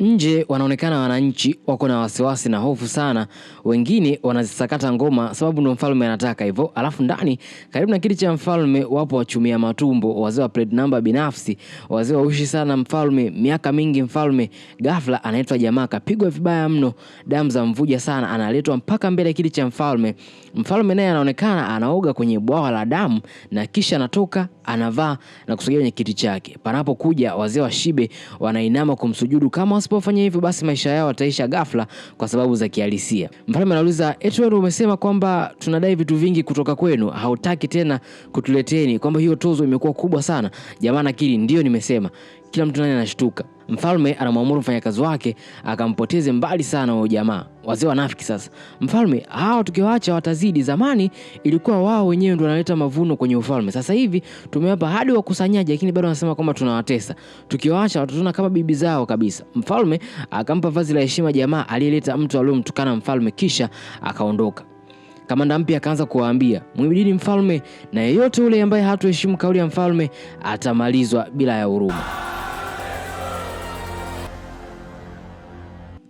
Nje wanaonekana wananchi wako na wasiwasi na hofu sana, wengine wanazisakata ngoma sababu ndo mfalme anataka hivyo, alafu ndani karibu na kiti cha mfalme wapo wachumia matumbo, wazee wa plate number binafsi, wazee waushi sana mfalme miaka mingi. Mfalme ghafla anaitwa jamaa, kapigwa vibaya mno, damu za mvuja sana, analetwa mpaka mbele ya kiti cha mfalme. Mfalme naye anaonekana anaoga kwenye bwawa la damu na kisha anatoka anavaa na kusogea kwenye kiti chake. Panapokuja wazee wa shibe wanainama kumsujudu kama wasipofanya hivyo, basi maisha yao yataisha ghafla kwa sababu za kihalisia. Mfalme anauliza Etwell, umesema kwamba tunadai vitu vingi kutoka kwenu, hautaki tena kutuleteni, kwamba hiyo tozo imekuwa kubwa sana. Jamaa nakiri, ndio nimesema kila mtu naye anashtuka. Mfalme anamwamuru mfanyakazi wake akampoteze mbali sana huyo jamaa. Wazee wanafiki sasa. Mfalme, hawa tukiwaacha watazidi. Zamani ilikuwa wao wenyewe ndio wanaleta mavuno kwenye ufalme, sasa hivi tumewapa hadi wakusanyaji, lakini bado wanasema kwamba tunawatesa. Tukiwaacha watatuna kama bibi zao kabisa. Mfalme akampa vazi la heshima jamaa aliyeleta mtu aliyomtukana mfalme, kisha akaondoka. Kamanda mpya akaanza kuwaambia mwibidini mfalme, na yeyote ule ambaye hatuheshimu kauli ya mfalme atamalizwa bila ya huruma.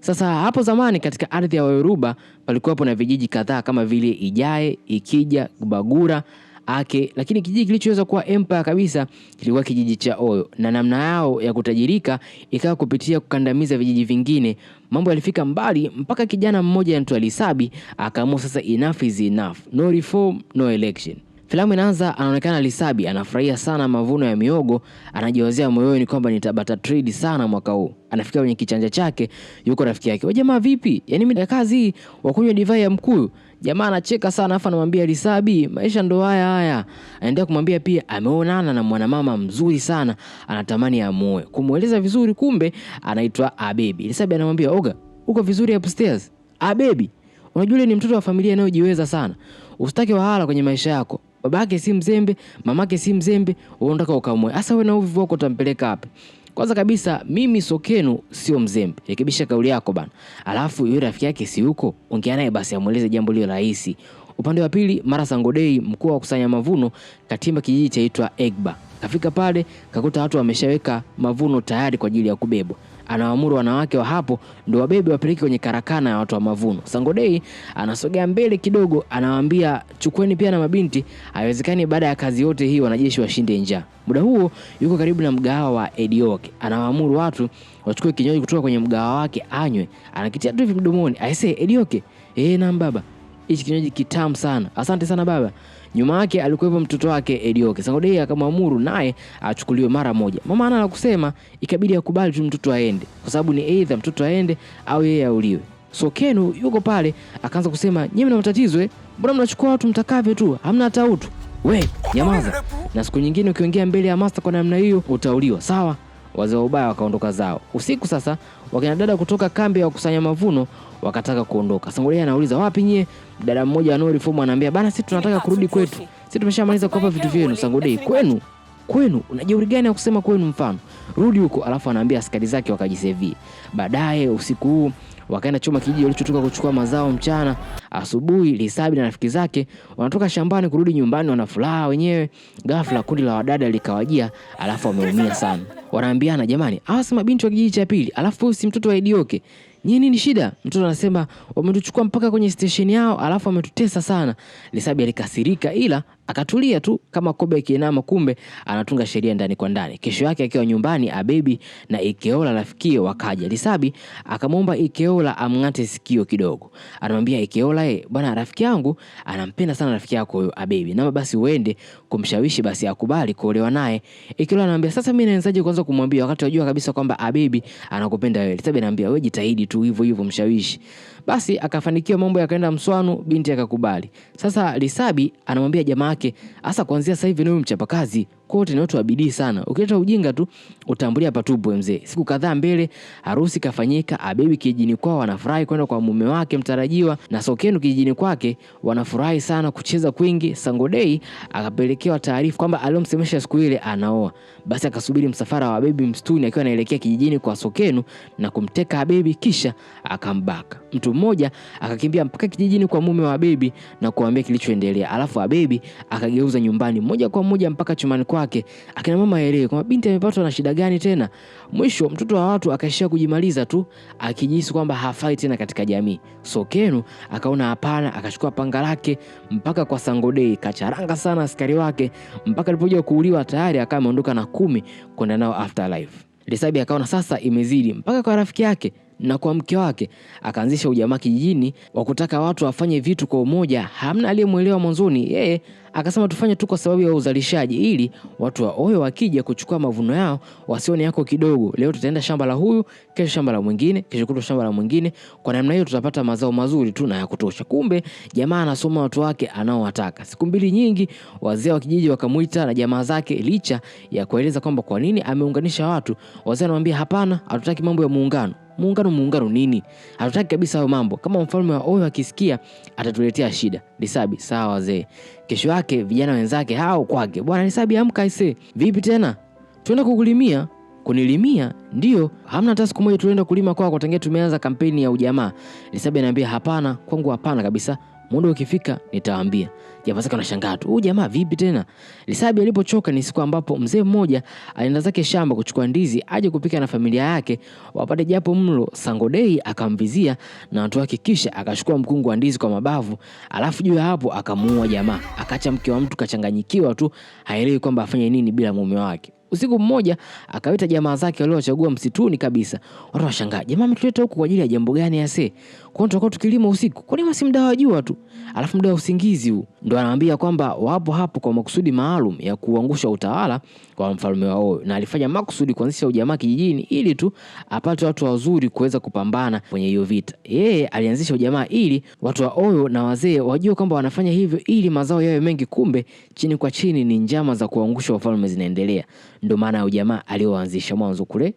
Sasa hapo zamani katika ardhi ya Wayoruba palikuwapo na vijiji kadhaa kama vile Ijae, Ikija, Bagura, Ake, lakini kijiji kilichoweza kuwa empire kabisa kilikuwa kijiji cha Oyo, na namna yao ya kutajirika ikawa kupitia kukandamiza vijiji vingine. Mambo yalifika mbali mpaka kijana mmoja anaitwa Lisabi akaamua sasa enough is enough, no reform, no election. Filamu inaanza, anaonekana Lisabi anafurahia sana mavuno ya miogo, anajiwazia moyoni kwamba nitabata trade sana mwaka huu. Anafikia kwenye kichanja chake, yuko rafiki yake. Jamaa vipi? Yaani mimi kazi wakunywa divai ya mkuyu. Jamaa anacheka sana afa anamwambia Lisabi, maisha ndo haya haya. Anaendelea kumwambia pia ameonana na mwanamama mzuri sana, anatamani amuoe. Kumweleza vizuri, kumbe anaitwa Abebi. Lisabi anamwambia, "Oga, uko vizuri upstairs?" Abebi, unajua ni mtoto wa familia inayojiweza sana. Usitaki wahala kwenye maisha yako babake si mzembe, mamake si mzembe, unataka ukamwe. Hasa wewe na uvivu wako utampeleka wapi? Kwanza kabisa mimi Sokenu sio mzembe, rekebisha kauli yako bana. Alafu yule rafiki yake si huko ongea naye basi, amueleze jambo lilo rahisi. Upande wa pili, Mara Sangodei, mkuu wa kusanya mavuno, katimba kijiji chaitwa Egba Kafika pale kakuta watu wameshaweka mavuno tayari kwa ajili ya kubebwa. Anawaamuru wanawake wa hapo ndio wabebe wapeleke kwenye karakana ya watu wa mavuno. Sangodei anasogea mbele kidogo, anawaambia chukweni pia na mabinti, haiwezekani baada ya kazi yote hii wanajeshi washinde njaa. Muda huo yuko karibu na mgahawa wa Edioke, anawaamuru watu wachukue kinywaji kutoka kwenye mgahawa wake anywe, anakitia tu hivi mdomoni. Aisee, Edioke eh, na mbaba hichi kinywaji kitamu sana, asante sana baba. Nyuma yake alikuwepo mtoto wake Edioke. Sangodei akamwamuru naye achukuliwe mara moja. Mama ana la kusema, ikabidi akubali tu mtoto aende, kwa sababu ni aidha mtoto aende au yeye auliwe. So Kenu yuko pale, akaanza kusema, nyinyi mna matatizo eh? Mbona mnachukua watu mtakavyo tu, hamna hata utu. We nyamaza, na siku nyingine ukiongea mbele ya master kwa namna hiyo utauliwa, sawa? wazee wa ubaya wakaondoka zao. Usiku sasa, wakina dada kutoka kambi ya kusanya mavuno wakataka kuondoka. Sangolia anauliza wapi nyie? Dada mmoja anao anaambia bana, sisi tunataka kurudi kwetu, sisi tumeshamaliza kuwapa vitu vyenu. sangodei kwenu kwenu, unajeuri gani ya kusema kwenu? Mfano rudi huko, alafu anaambia askari zake wakajisevie. Baadaye usiku huu wakaenda choma kijiji walichotoka kuchukua mazao mchana. Asubuhi Lisabi na rafiki zake wanatoka shambani kurudi nyumbani, wana furaha wenyewe. Ghafla kundi la wadada likawajia, alafu wameumia sana. Wanaambiana, jamani, hawa si mabinti wa kijiji cha pili, alafu si mtoto wa Idioke Nyinyi nini shida? Mtoto anasema wametuchukua mpaka kwenye stesheni yao, alafu wametutesa sana. Lisabi alikasirika, ila akatulia tu kama kobe akiinama, kumbe anatunga sheria ndani kwa ndani. Kesho yake akiwa nyumbani, Abebi na Ikeola rafikie wakaja. Lisabi akamwomba Ikeola amng'ate sikio kidogo, anamwambia Ikeola, eh bwana, rafiki yangu anampenda sana rafiki yako huyo Abebi, naomba basi uende kumshawishi basi akubali kuolewa naye. Ikeola anamwambia sasa, mimi naanzaje kwanza kumwambia wakati wajua kabisa kwamba Abebi anakupenda wewe? Lisabi anamwambia wewe jitahidi tu hivyo hivyo, mshawishi basi. Akafanikiwa, mambo yakaenda mswanu, binti akakubali. Sasa Lisabi anamwambia jamaa wake, hasa kuanzia sasa hivi niwe mchapakazi, kote ni watu wa bidii sana. Ukileta ujinga tu utambulia patupo mzee. Siku kadhaa mbele harusi kafanyika, Abebi kijijini kwao wanafurahi kwenda kwa mume wake mtarajiwa, na Sokenu kijijini kwake wanafurahi sana kucheza kwingi. Sangodei akapelekewa taarifa kwamba aliyomsemesha siku ile anaoa. Basi akasubiri msafara wa Abebi mstuni akiwa anaelekea kijijini kwa Sokenu na kumteka Abebi kisha akambaka. Mtu mmoja akakimbia mpaka kijijini kwa mume wa Abebi na kuambia kilichoendelea. Alafu Abebi akageuza nyumbani moja kwa moja mpaka chumani kwa kwake, akina mama aelewe kwamba binti amepatwa na shida gani tena. Mwisho mtoto wa watu akaishia kujimaliza tu, akijisi kwamba hafai tena katika jamii. sokenu akaona hapana, akachukua panga lake mpaka kwa Sangodei, kacharanga sana askari wake mpaka alipoja kuuliwa, tayari akawa ameondoka na kumi kwenda nao afterlife. Lesabi akaona sasa imezidi mpaka kwa rafiki yake na kwa mke wake akaanzisha ujamaa kijijini wa kutaka watu wafanye vitu kwa umoja. Hamna aliyemwelewa mwanzoni, yeye akasema tufanye tu kwa sababu ya uzalishaji, ili watu waoyo wakija kuchukua mavuno yao wasione yako kidogo. Leo tutaenda shamba la huyu, kesho shamba la mwingine, kesho kutwa shamba la mwingine. Kwa namna hiyo tutapata mazao mazuri tu na ya kutosha. Kumbe jamaa anasoma watu wake anaowataka. Siku mbili nyingi, wazee wa kijiji wakamwita na jamaa zake, licha ya kueleza kwamba kwa nini ameunganisha watu. Wazee anamwambia hapana, hatutaki mambo ya muungano muungano muungano nini? Hatutaki kabisa hayo mambo. Kama mfalme wa Oyo akisikia atatuletea shida. Lisabi, sawa wazee. Kesho yake vijana wenzake hao kwake, bwana Lisabi, amka ise vipi tena, tuenda kukulimia kunilimia ndio hamna hata siku moja tulienda kulima kwako tangia tumeanza kampeni ya ujamaa. Lisabi anaambia hapana, kwangu hapana kabisa muda ukifika nitawaambia. Japasaka anashangaa tu, huyu jamaa vipi tena? Lisabi alipochoka ni siku ambapo mzee mmoja alienda zake shamba kuchukua ndizi aje kupika na familia yake wapate japo mlo. Sangodei akamvizia na watu wake, kisha akachukua mkungu wa ndizi kwa mabavu, alafu juu ya hapo akamuua jamaa, akacha mke wa mtu kachanganyikiwa tu, haelewi kwamba afanye nini bila mume wake. Usiku mmoja akawita jamaa zake waliowachagua msituni kabisa. Watu washangaa, jamaa ametuleta huku kwa ajili ya jambo gani ase? Kwani tutakuwa tukilima usiku? Kwani masi mda wa jua tu, alafu mda wa usingizi huu? Ndo anawaambia kwamba wapo hapo kwa makusudi maalum ya kuangusha utawala kwa mfalme wao, na alifanya makusudi kuanzisha ujamaa kijijini ili tu apate watu wazuri kuweza kupambana kwenye hiyo vita. Yeye alianzisha ujamaa ili watu wa oyo na wazee wajue kwamba wanafanya hivyo ili mazao yawe mengi, kumbe chini kwa chini ni njama za kuangusha wafalme zinaendelea. Ndio maana huyu jamaa alioanzisha mwanzo kule,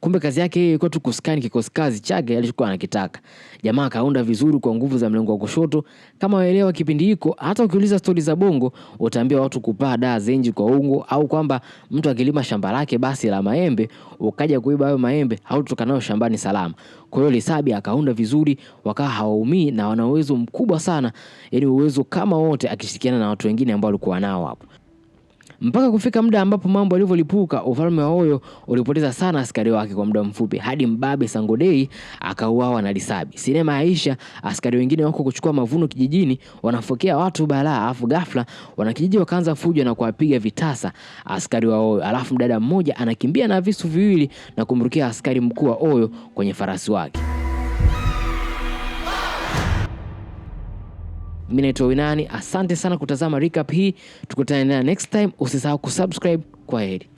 kumbe kazi yake yeye ilikuwa tu kuskani kikosi kazi chake alichokuwa anakitaka. Jamaa akaunda vizuri kwa nguvu za mlengo wa kushoto. Kama waelewa kipindi hiko, hata ukiuliza stori za Bongo utaambia watu kupaa daa zenji kwa ungo, au kwamba mtu akilima shamba lake basi la maembe, ukaja kuiba hayo maembe, hautotoka nayo shambani salama. Kwa hiyo Lisabi akaunda vizuri, wakawa hawaumii na wana uwezo mkubwa sana, yani uwezo kama wote, akishirikiana na watu wengine ambao walikuwa nao hapo mpaka kufika muda ambapo mambo yalivyolipuka, ufalme wa Oyo ulipoteza sana askari wake kwa muda mfupi, hadi mbabe Sangodei akauawa na Lisabi. Sinema yaisha, askari wengine wako kuchukua mavuno kijijini, wanafokea watu balaa, afu ghafla wanakijiji wakaanza fujo na kuwapiga vitasa askari wa Oyo. Alafu mdada mmoja anakimbia na visu viwili na kumrukia askari mkuu wa Oyo kwenye farasi wake. mi naitwa Winani, asante sana kutazama recap hii, tukutane tena next time. Usisahau kusubscribe. Kwa heri.